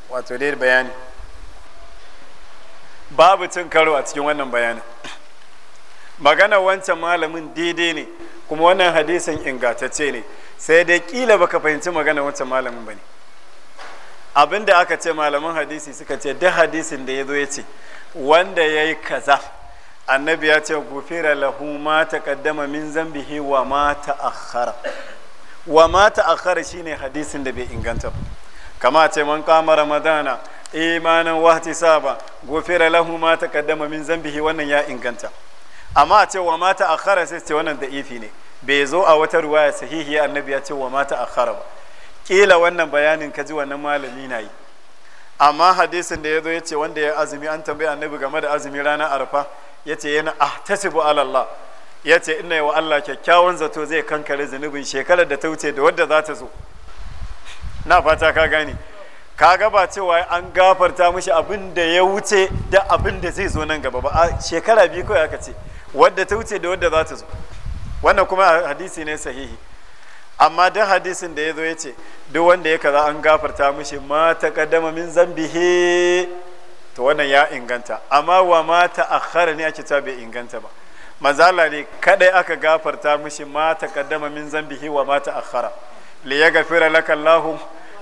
wato dai bayani babu cin karo a cikin wannan bayanin magana wancan malamin daidai ne kuma wannan hadisin ingantacce ne sai dai kila baka fahimci magana wancan malamin bane abin da aka ce malaman hadisi suka ce duk hadisin da ya zo ya ce wanda ya yi kaza annabi ya ce gufira lahu ma taqaddama min zambihi wa ma ta'akhkhara wa ma ta'akhkhara shine hadisin da bai inganta ba kama ce man kama ramadana imanan wahtisaba gufira lahu ma taqaddama min zambihi wannan ya inganta amma a ce wa mata akhara sai ce wannan da'ifi ne bai zo a wata ruwaya sahihiya annabi ya ce wa mata akhara ba kila wannan bayanin ka ji wannan malami na yi amma hadisin da ya zo ya ce wanda ya azumi an tambayi annabi game da azumi ranar arfa ya ce yana ahtasibu ala Allah ya ce ina yi wa Allah kyakkyawan zato zai kankare zunubin shekarar da ta wuce da wadda za ta zo na fata ka gane ka gaba cewa an gafarta mishi abin da ya wuce da abin da zai zo nan gaba ba a shekara biyu kawai aka ce wadda ta wuce da wadda za ta zo wannan kuma hadisi ne sahihi amma duk hadisin da ya zo ya ce duk wanda ya kaza an gafarta mishi ma ta kaddama min zambihi to wannan ya inganta amma wa ma ta akhara ne ake ta bai inganta ba mazala ne kadai aka gafarta mishi ma ta kaddama min zambihi wa ma ta akhara li yaghfira laka Allahu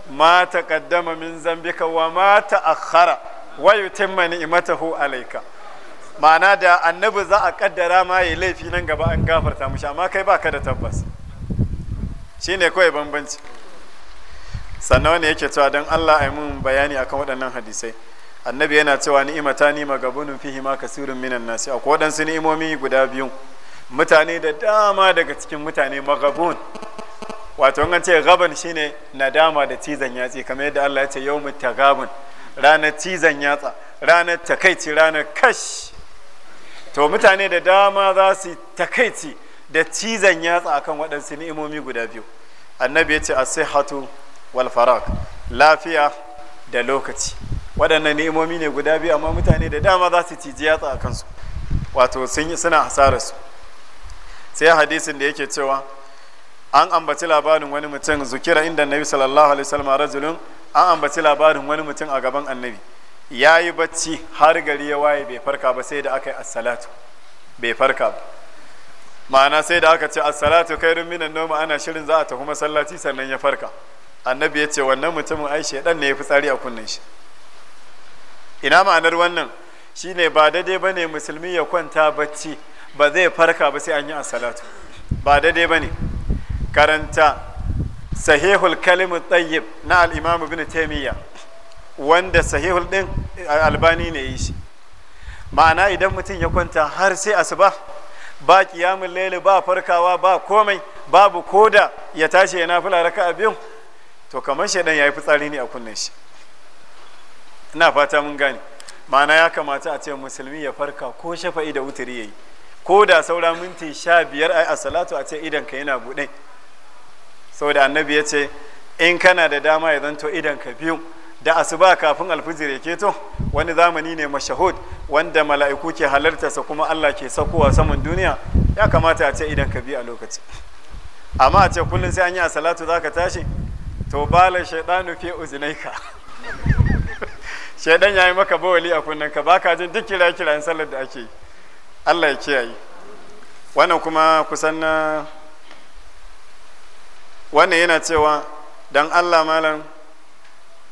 ma ta kaddama min zambika wa ma ta akhara wa yutimma ni'matahu alayka ma'ana da annabi za a kaddara ma ya laifi nan gaba an gafarta mushi amma kai ba ka da tabbas shine kawai bambanci sannan wani yake cewa don Allah a yi mun bayani akan waɗannan hadisai annabi yana cewa ni'imata ni magabunin fihi ma kasirin minan nasi akwai waɗansu ni'imomi guda biyu mutane da dama daga cikin mutane magabun wato an ce gaban shine nadama da cizon yatsi kamar yadda Allah ya ce yau tagabun ranar cizon yatsa ranar takaici ranar kash to mutane da dama za su takaici da cizon yatsa akan waɗansu ni'imomi guda biyu annabi ya ce a sai wal walfarak lafiya da lokaci waɗannan ni'imomi ne guda biyu amma mutane da dama za su ciji yatsa a kansu wato suna hasarar su sai hadisin da yake cewa an ambaci labarin wani mutum zukira inda annabi sallallahu alaihi wasallam rajulun an ambaci labarin wani mutum a gaban annabi ya yi bacci har gari ya waye bai farka ba sai da aka yi assalatu bai farka ba ma'ana sai da aka ce assalatu kai rumminan noma ana shirin za a tafi masallaci sannan ya farka annabi ya ce wannan mutumin ai shedan ne ya fi tsari a kunnen shi ina ma'anar wannan shine ba daidai ba ne musulmi ya kwanta bacci ba zai farka ba sai an yi assalatu ba daidai ba ne karanta sahihul kalimu tsayyib na al bin taimiyya. taymiyyah wanda sahihul din eh, albani ne yi shi ma'ana idan mutum ya kwanta har sai asuba ba kiyamun laili ba farkawa ba komai babu koda ya tashi ya nafila a biyu to kamar shaidan ya yi fitsari ne a kunnen shi ina fata mun gane ma'ana ya kamata a ce musulmi ya farka ko shafa'i da wuturi ya yi ko da saura minti sha biyar a salatu a ce ka yana buɗe saboda annabi ya ce in kana da dama ya zanto ka biyu da asuba kafin alfijir ya keto wani zamani ne mashahud wanda mala'iku ke sa kuma Allah ke sakowa saman duniya ya kamata a ce idan ka bi a lokaci amma a ce kullum sai an yi a salatu zaka tashi to bala shaidanu fi uzunaika *laughs* shaidan ya yi maka bawali a kunnen ka baka jin duk kira kiran sallar da ake yi Allah ya kiyaye wannan kuma kusan na wannan yana cewa dan Allah malam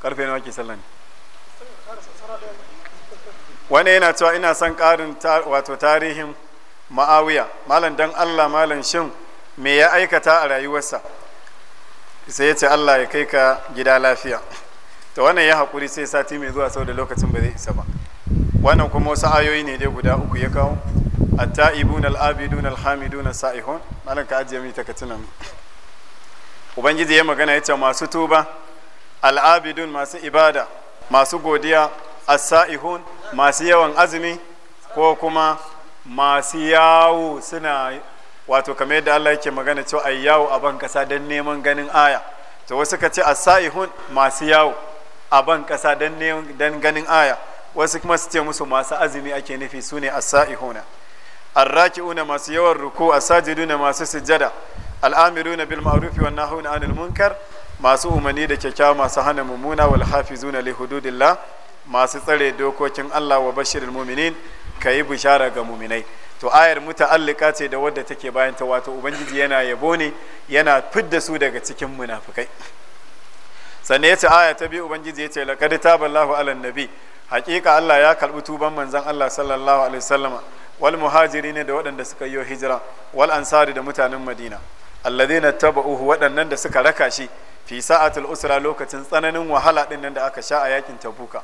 karfe nawa ke sallah ne wani yana cewa ina son karin wato tarihin ma'awiya malam dan allah malam shin me ya aikata a rayuwarsa sai yace allah ya kai ka gida lafiya to wannan ya haƙuri sai sati mai zuwa sau da lokacin ba zai isa ba wannan kuma wasu ayoyi ne dai guda uku ya kawo التائبون الآبدون الحامدون السائحون مالك أجيمي takatunan ubangiji ya magana ya ce masu tuba al'abidun masu ibada masu godiya as-sa'ihun masu yawan azumi ko kuma masu yawo suna wato kamar da Allah yake magana cewa ai yawo a ban kasa don neman ganin aya to wasu ka ce as-sa'ihun masu yawo a ban kasa don neman ganin aya wasu kuma su ce musu masu azumi ake nufi su ne as-sa'ihuna arraki'una masu yawan ruku as-sajiduna masu sujjada al'amiruna bil ma'ruf wan nahuna 'anil munkar masu umarni da kyakkyawa masu hana mummuna wal hafizuna li hududillah masu tsare dokokin Allah wa bashirin mu'minin ka yi bishara ga mu'minai to ayar muta'allika ce da wadda take bayan ta wato ubangiji yana yabo ne yana fidda su daga cikin munafikai sannan yace aya ta biyu ubangiji yace laqad taballahu ala nabi haƙiƙa Allah ya karbi tuban manzon Allah sallallahu alaihi wasallam wal muhajirin da waɗanda suka yi hijira wal ansari da mutanen Madina alladhina taba'uhu waɗannan da suka raka shi fi sa'atul usra lokacin tsananin wahala din nan da aka sha a yakin tabuka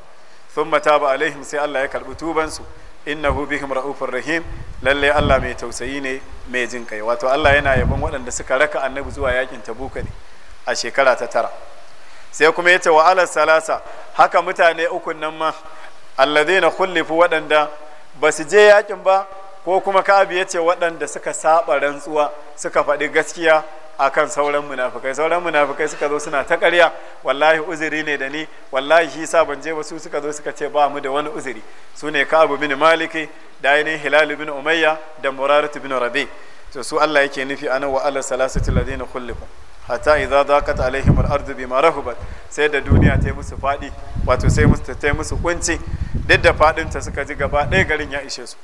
thumma taba alaihim sai Allah ya karbi tuban su innahu bihim raufur rahim lalle Allah mai tausayi ne mai jin kai wato Allah yana yabon waɗanda suka raka annabi zuwa yakin tabuka ne a shekara ta tara sai kuma yace ce wa salasa haka mutane ukun nan ma alladhina khullifu waɗanda ba su je yakin ba ko kuma ka'abi ya ce waɗanda suka saba rantsuwa suka faɗi gaskiya akan sauran munafikai sauran munafikai suka zo suna ta ƙarya wallahi uzuri ne da ni wallahi shi sa ban je ba su suka zo suka ce ba mu da wani uzuri su ne ka'abu bin maliki da ainihin hilali bin umayya da muraratu bin rabi to su Allah yake nufi anan wa ala salasati ladina kullukum hatta idza daqat alaihim al-ardu bima rahubat sai da duniya ta yi musu fadi wato sai musu ta yi musu kunci duk da fadin suka ji gaba ɗaya garin ya ishe su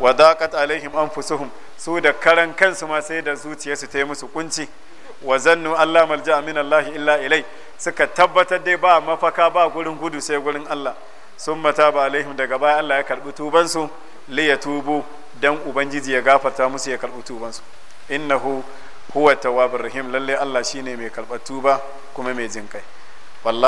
wa daqat alaihim anfusuhum su da karan kansu ma sai da zuciyarsu ta yi musu kunci wa zannu Allah malja min Allah illa ilai suka tabbatar dai ba mafaka ba gurin gudu sai gurin Allah sun mata ba alaihim daga baya Allah ya karbi tubansu li ya tubu dan ubangiji ya gafarta musu ya karbi tubansu innahu huwa tawwabur rahim lalle Allah shine mai karbar tuba kuma mai jinkai